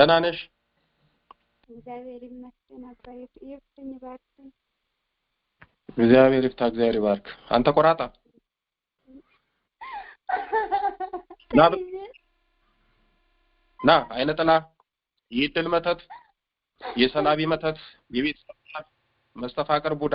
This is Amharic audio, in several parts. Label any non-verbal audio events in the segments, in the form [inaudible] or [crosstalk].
ደህና ነሽ? እግዚአብሔር ይመስገን አባዬ። ይፍትኝ ባርክ። እግዚአብሔር ይፍታ። እግዚአብሔር ይባርክ። አንተ ቆራጣ ና ና፣ አይነ ጥላ፣ የድል መተት፣ የሰላቢ መተት፣ የቤተሰብ መስተፋቅር ቡዳ፣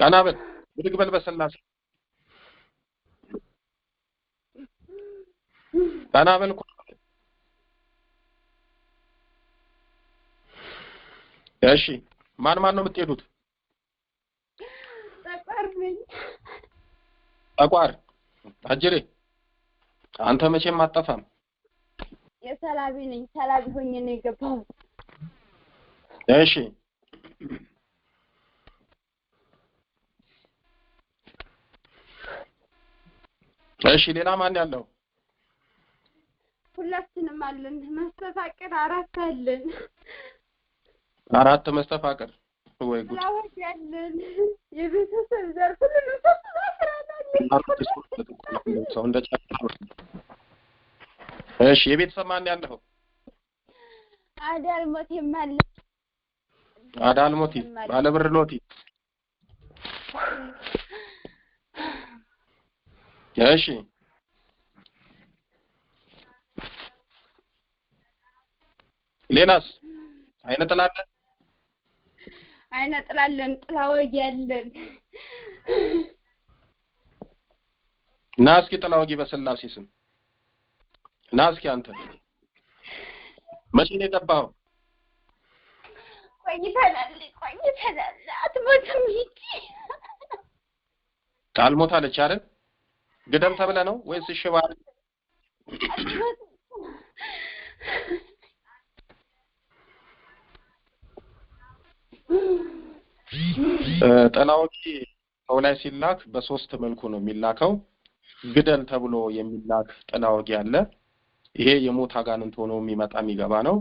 ቀና በል ብድግ በል በስላሴ أنا من እሺ ማን ማን ነው የምትሄዱት? ጠቋር ነኝ። ጠቋር አጅሬ፣ አንተ መቼም አጠፋም። የሰላቢ ነኝ። ሰላቢ ሆኜ ነው የገባሁት። እሺ እሺ፣ ሌላ ማን ያለው? ሁላችንም አለን። መስተፋቅር አራት አለን። አራት መስተፋቅር ወይ ጉድ! ያለን የቤተሰብ ዘርፍ ሁሉንም ሰው እንደ እሺ፣ የቤተሰብ ማን ማለ ባለብር ሎቲ። እሺ ሌላስ አይነ ጥላለን አይነ ጥላለን ጥላ ወጊ ያለን ና እስኪ ጥላ ወጊ በስላሴ ስም ና እስኪ አንተ መቼ ነው የጠባኸው? ቆይተናል ቆይተናል። አትሞትም ሂጂ ቃል ሞታለች አይደል? ግደም ተብለ ነው ወይስ እሺ ባለ ጠላወቂ ሰው ላይ ሲላክ በሶስት መልኩ ነው የሚላከው። ግደል ተብሎ የሚላክ ጠላወቂ አለ። ይሄ የሞት አጋንንት ሆኖ የሚመጣ የሚገባ ነው።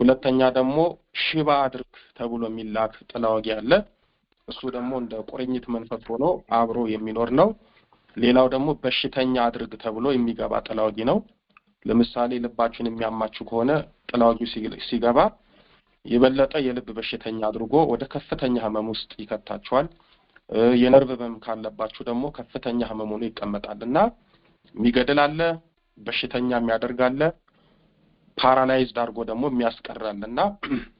ሁለተኛ ደግሞ ሽባ አድርግ ተብሎ የሚላክ ጠላወቂ አለ። እሱ ደግሞ እንደ ቁርኝት መንፈስ ሆኖ አብሮ የሚኖር ነው። ሌላው ደግሞ በሽተኛ አድርግ ተብሎ የሚገባ ጠላወቂ ነው። ለምሳሌ ልባችሁን የሚያማችሁ ከሆነ ጠላወቂው ሲገባ የበለጠ የልብ በሽተኛ አድርጎ ወደ ከፍተኛ ህመም ውስጥ ይከታቸዋል። የነርቭ ህመም ካለባችሁ ደግሞ ከፍተኛ ህመም ሆኖ ይቀመጣል እና የሚገድል አለ፣ በሽተኛ የሚያደርግ አለ፣ ፓራላይዝድ አድርጎ ደግሞ የሚያስቀራል እና [clears throat]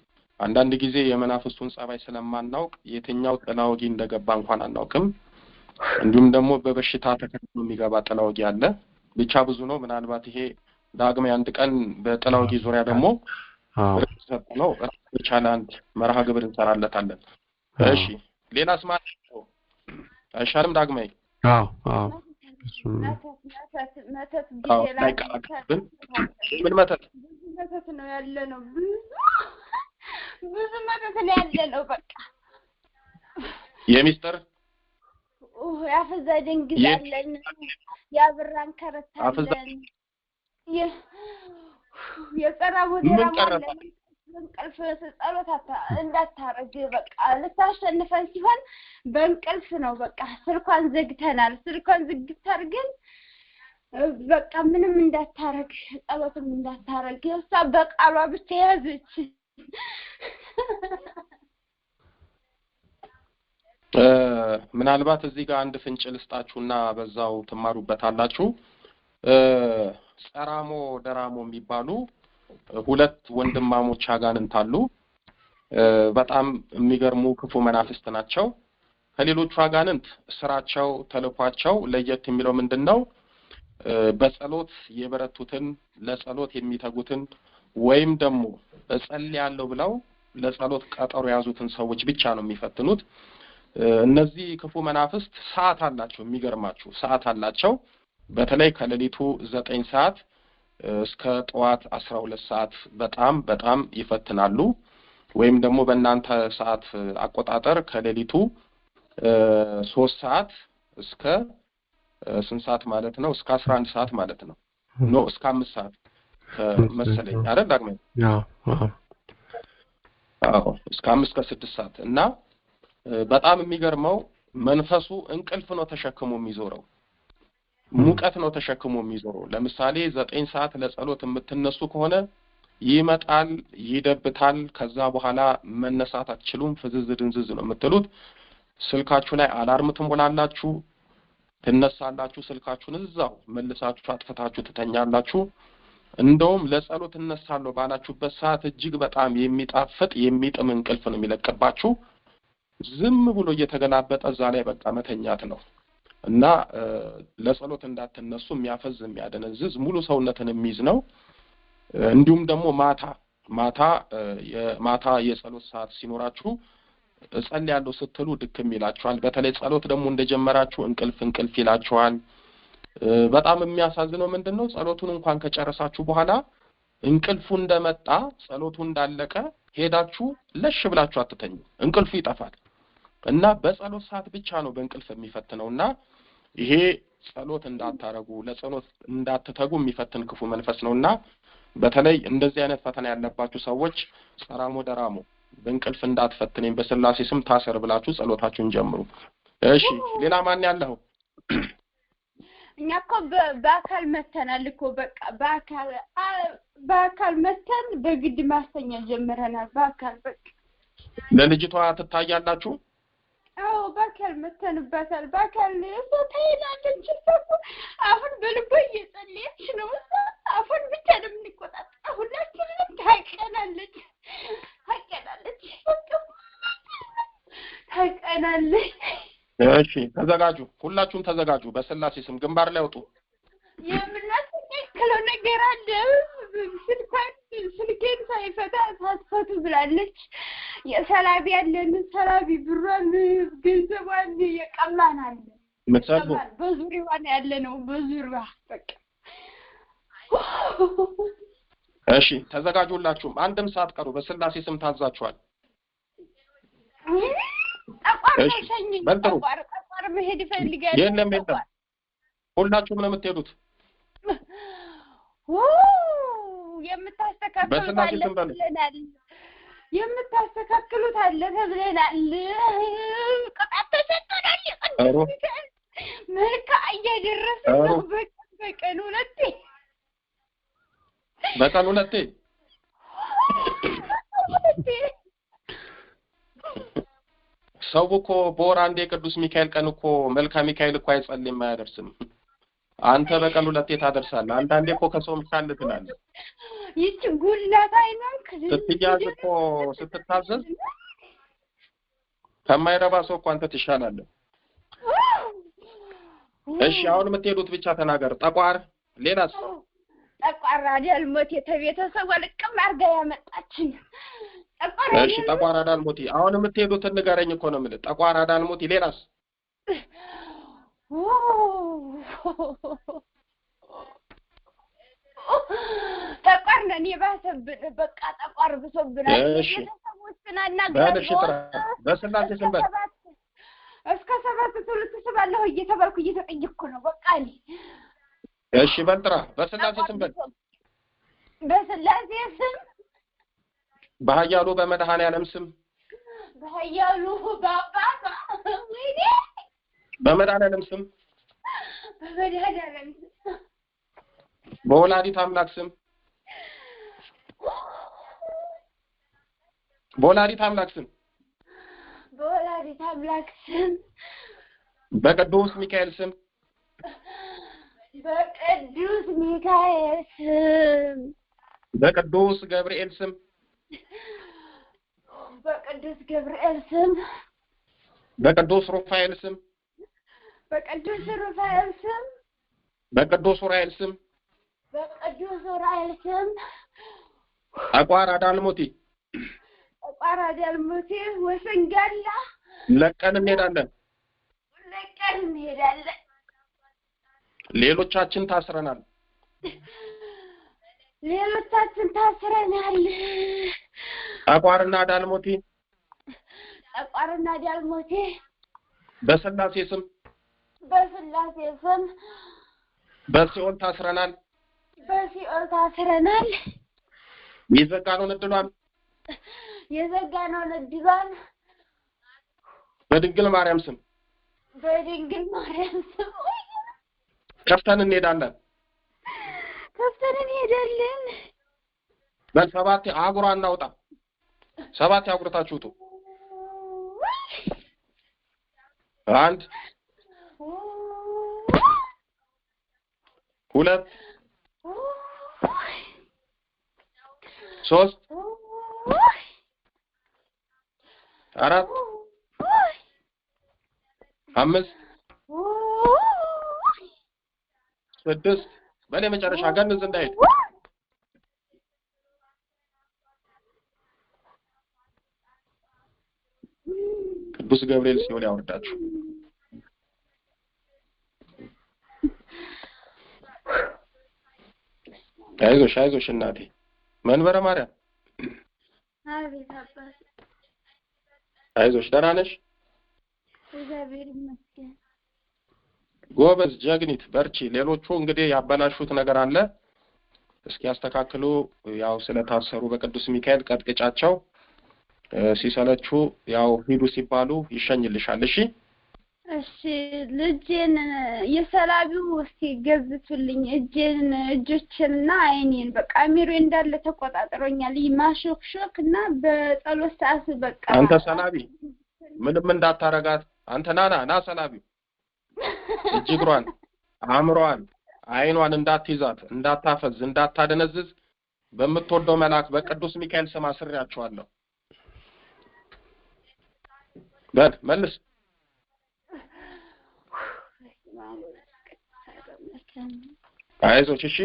አንዳንድ ጊዜ የመናፍስቱን ጸባይ ስለማናውቅ የትኛው ጥላ ወጊ እንደገባ እንኳን አናውቅም። እንዲሁም ደግሞ በበሽታ ተከትሎ የሚገባ ጥላ ወጊ አለ። ብቻ ብዙ ነው። ምናልባት ይሄ ዳግም የአንድ ቀን በጥላ ወጊ ዙሪያ ደግሞ ነው የቻለ አንድ መርሃ ግብር እንሰራለታለን። እሺ ሌላ ስማ አይሻልም? ዳግማይ አዎ አዎ ምን መተት መተት ነው ያለ ነው ብዙ ብዙ መተት ነው ያለ [laughs] ነው። በቃ የሚስጥር ያፈዛ ያብራን ከረታለን የቀረ በእንቅልፍ ጸሎት እንዳታረግ በቃ ልታሸንፈን ሲሆን በእንቅልፍ ነው። በቃ ስልኳን ዘግተናል። ስልኳን ዝግት ግን በቃ ምንም እንዳታረግ ጸሎትም እንዳታረግ እሷ በቃሏ ብቻ የያዘች ምናልባት እዚህ ጋር አንድ ፍንጭ ልስጣችሁና በዛው ትማሩበታላችሁ። ጸራሞ ደራሞ የሚባሉ ሁለት ወንድማሞች አጋንንት አሉ። በጣም የሚገርሙ ክፉ መናፍስት ናቸው። ከሌሎቹ አጋንንት ስራቸው፣ ተልኳቸው ለየት የሚለው ምንድን ነው? በጸሎት የበረቱትን ለጸሎት የሚተጉትን ወይም ደግሞ እጸልያለሁ ብለው ለጸሎት ቀጠሮ የያዙትን ሰዎች ብቻ ነው የሚፈትኑት። እነዚህ ክፉ መናፍስት ሰዓት አላቸው። የሚገርማችሁ ሰዓት አላቸው። በተለይ ከሌሊቱ ዘጠኝ ሰዓት እስከ ጠዋት አስራ ሁለት ሰዓት በጣም በጣም ይፈትናሉ። ወይም ደግሞ በእናንተ ሰዓት አቆጣጠር ከሌሊቱ ሶስት ሰዓት እስከ ስንት ሰዓት ማለት ነው? እስከ አስራ አንድ ሰዓት ማለት ነው። ኖ እስከ አምስት ሰዓት መሰለኝ አይደል? ዳግመኝ አዎ፣ እስከ አምስት ከስድስት ሰዓት እና በጣም የሚገርመው መንፈሱ እንቅልፍ ነው ተሸክሞ የሚዞረው ሙቀት ነው ተሸክሞ የሚዞረው። ለምሳሌ ዘጠኝ ሰዓት ለጸሎት የምትነሱ ከሆነ ይመጣል፣ ይደብታል። ከዛ በኋላ መነሳት አትችሉም። ፍዝዝ ድንዝዝ ነው የምትሉት። ስልካችሁ ላይ አላርም ትሞላላችሁ፣ ትነሳላችሁ። ስልካችሁን እዛው መልሳችሁ አጥፍታችሁ ትተኛላችሁ። እንደውም ለጸሎት እነሳለሁ ባላችሁበት ሰዓት እጅግ በጣም የሚጣፍጥ የሚጥም እንቅልፍ ነው የሚለቅባችሁ። ዝም ብሎ እየተገላበጠ እዛ ላይ በቃ መተኛት ነው። እና ለጸሎት እንዳትነሱ የሚያፈዝ የሚያደነዝዝ ሙሉ ሰውነትን የሚይዝ ነው። እንዲሁም ደግሞ ማታ ማታ የማታ የጸሎት ሰዓት ሲኖራችሁ ጸል ያለው ስትሉ ድክም ይላችኋል። በተለይ ጸሎት ደግሞ እንደጀመራችሁ እንቅልፍ እንቅልፍ ይላችኋል። በጣም የሚያሳዝነው ምንድን ነው? ጸሎቱን እንኳን ከጨረሳችሁ በኋላ እንቅልፉ እንደመጣ ጸሎቱ እንዳለቀ ሄዳችሁ ለሽ ብላችሁ አትተኙ። እንቅልፉ ይጠፋል እና በጸሎት ሰዓት ብቻ ነው በእንቅልፍ የሚፈትነው እና ይሄ ጸሎት እንዳታረጉ ለጸሎት እንዳትተጉ የሚፈትን ክፉ መንፈስ ነው እና በተለይ እንደዚህ አይነት ፈተና ያለባችሁ ሰዎች ጸራሞ ደራሞ በእንቅልፍ እንዳትፈትነኝ በስላሴ ስም ታሰር ብላችሁ ጸሎታችሁን ጀምሩ። እሺ፣ ሌላ ማን ያለው? እኛ እኮ በአካል መተናል እኮ በቃ በአካል በአካል መተን በግድ ማስተኛ ጀምረናል። በአካል በቃ ለልጅቷ ትታያላችሁ አዎ በከል መተንባታል። በአካል ታይናለች። አሁን በልቦ እየጸለየች ነው። አሁን ብቻ ነው የምንቆጣጠረው። ሁላችንም ታቀናለች፣ ታቀናለች፣ ታቀናለች። እሺ ተዘጋጁ፣ ሁላችሁም ተዘጋጁ። በስላሴ ስም ግንባር ላይ አውጡ። የምናስተካክለው ነገር አለ። ስልኳን ስልኬን ሳይፈታ ሳትፈቱ ብላለች። የሰላቢ ያለንን ሰላቢ ብሯን ገንዘቧን የቀማን አለ መሳቦ በዙሪዋን ያለ ነው። በዙሪዋ በቃ እሺ፣ ተዘጋጁላችሁም አንድም ሰዓት ቀሩ በስላሴ ስም ታዛችኋል። ጠቋር መሄድ እፈልጋለሁ። የለም የለም፣ ሁላችሁም ነው የምትሄዱት። የምታስተካክሉት ብለናል። የምታስተካክሉት አለ ተብለናል። ቅጣት ተሰጥቶናል። መልካ እያደረሰ ነው። በቀን ሁለቴ በቀን ሁለቴ ሰው እኮ በወር አንዴ ቅዱስ ሚካኤል ቀን እኮ መልካ ሚካኤል እኮ አይጸልይም፣ አያደርስም። አንተ በቀን ሁለቴ ታደርሳለህ። አንዳንዴ እኮ ከሰውም ካለ ትላለህ። ይቺ ጉላት ስትያዝ እኮ ስትታዘዝ ከማይረባ ሰው እኮ አንተ ትሻላለህ። እሺ አሁን የምትሄዱት ብቻ ተናገር። ጠቋር፣ ሌላስ? ጠቋር አዳልሞቴ ተቤተሰብ ልቅም አድርጋ ያመጣችኝ ጠቋር። እሺ ጠቋር አዳልሞቴ፣ አሁን የምትሄዱትን ንገረኝ እኮ ነው የምልህ። ጠቋር አዳልሞቴ፣ ሌላስ? [gasps] ተቋርነን የባሰብን በቃ ጠቋር ብሶብናል። ቤተሰቦችን አናግራለሁ። እስከ ሰባት ትውልት ስባለሁ እየተባልኩ እየተጠየቅኩ ነው። በቃ እኔ እሺ በል ጥራ። በስላሴ ስም በል በስላሴ ስም በኃያሉ በመድኃኔዓለም ስም በኃያሉ በአባባ ወይኔ በመድኃኔዓለም ስም በመድኃኔዓለም ስም በወላዲት አምላክ ስም በወላዲት አምላክ ስም በወላዲት አምላክ ስም በቅዱስ ሚካኤል ስም በቅዱስ ሚካኤል ስም በቅዱስ ገብርኤል ስም በቅዱስ ገብርኤል ስም በቅዱስ ሩፋኤል ስም በቅዱስ ሩፋኤል ስም በቅዱስ ኡራኤል ስም በቅዱስ ዑራኤል ስም አቋራ ዳልሙቲ አቋራ ዳልሙቲ ወሰንጋላ ለቀን እንሄዳለን። ለቀን እንሄዳለን። ሌሎቻችን ታስረናል። ሌሎቻችን ታስረናል። አቋርና ዳልሞቴ አቋርና ዳልሞቴ በስላሴ ስም በስላሴ ስም በሲኦል ታስረናል። በሲኦል ታስረናል። የዘጋነውን እድሏን የዘጋነውን እድሏን በድንግል ማርያም ስም በድንግል ማርያም ስም ከፍተን እንሄዳለን። ከፍተን እንሄዳለን። በሰባት አጉራ እናውጣ። ሰባት አጉርታችሁ ውጡ። አንድ ሁለት ሶስት አራት አምስት ስድስት በላይ መጨረሻ ገንዝ እንዳይሄድ ቅዱስ ገብርኤል ሲሆን ያወርዳችሁ። አይዞሽ አይዞሽ እናቴ መንበረ ማርያም አይዞሽ፣ ደህና ነሽ? ጎበዝ፣ ጀግኒት፣ በርቺ። ሌሎቹ እንግዲህ ያበላሹት ነገር አለ እስኪያስተካክሉ ያው ስለታሰሩ በቅዱስ ሚካኤል ቀጥቅጫቸው ሲሰለቹ ያው ሂዱ ሲባሉ ይሸኝልሻል። እሺ እሺ ልጄን የሰላቢው እስቲ ገዝቱልኝ እጄን እጆችን እና አይኔን በቃ አሚሮ እንዳለ ተቆጣጥሮኛል። ማሾክሾክ እና በጸሎት ሰዓት በቃ አንተ ሰላቢ ምንም እንዳታረጋት አንተ ናና ና ሰላቢ እጅግሯን አእምሯን፣ አይኗን እንዳትይዛት፣ እንዳታፈዝ፣ እንዳታደነዝዝ በምትወደው መልአክ በቅዱስ ሚካኤል ስም አስሬያቸዋለሁ። በል መልስ አይዞች። እሺ፣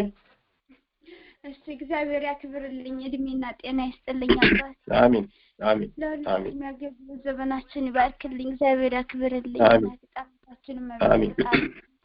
እሺ። እግዚአብሔር ያክብርልኝ፣ እድሜና ጤና ይስጥልኝ አባት። አሚን፣ አሚን፣ አሚን። የሚያገቡ ዘመናችን ይባርክልኝ፣ እግዚአብሔር ያክብርልኝ። አሚን፣ አሚን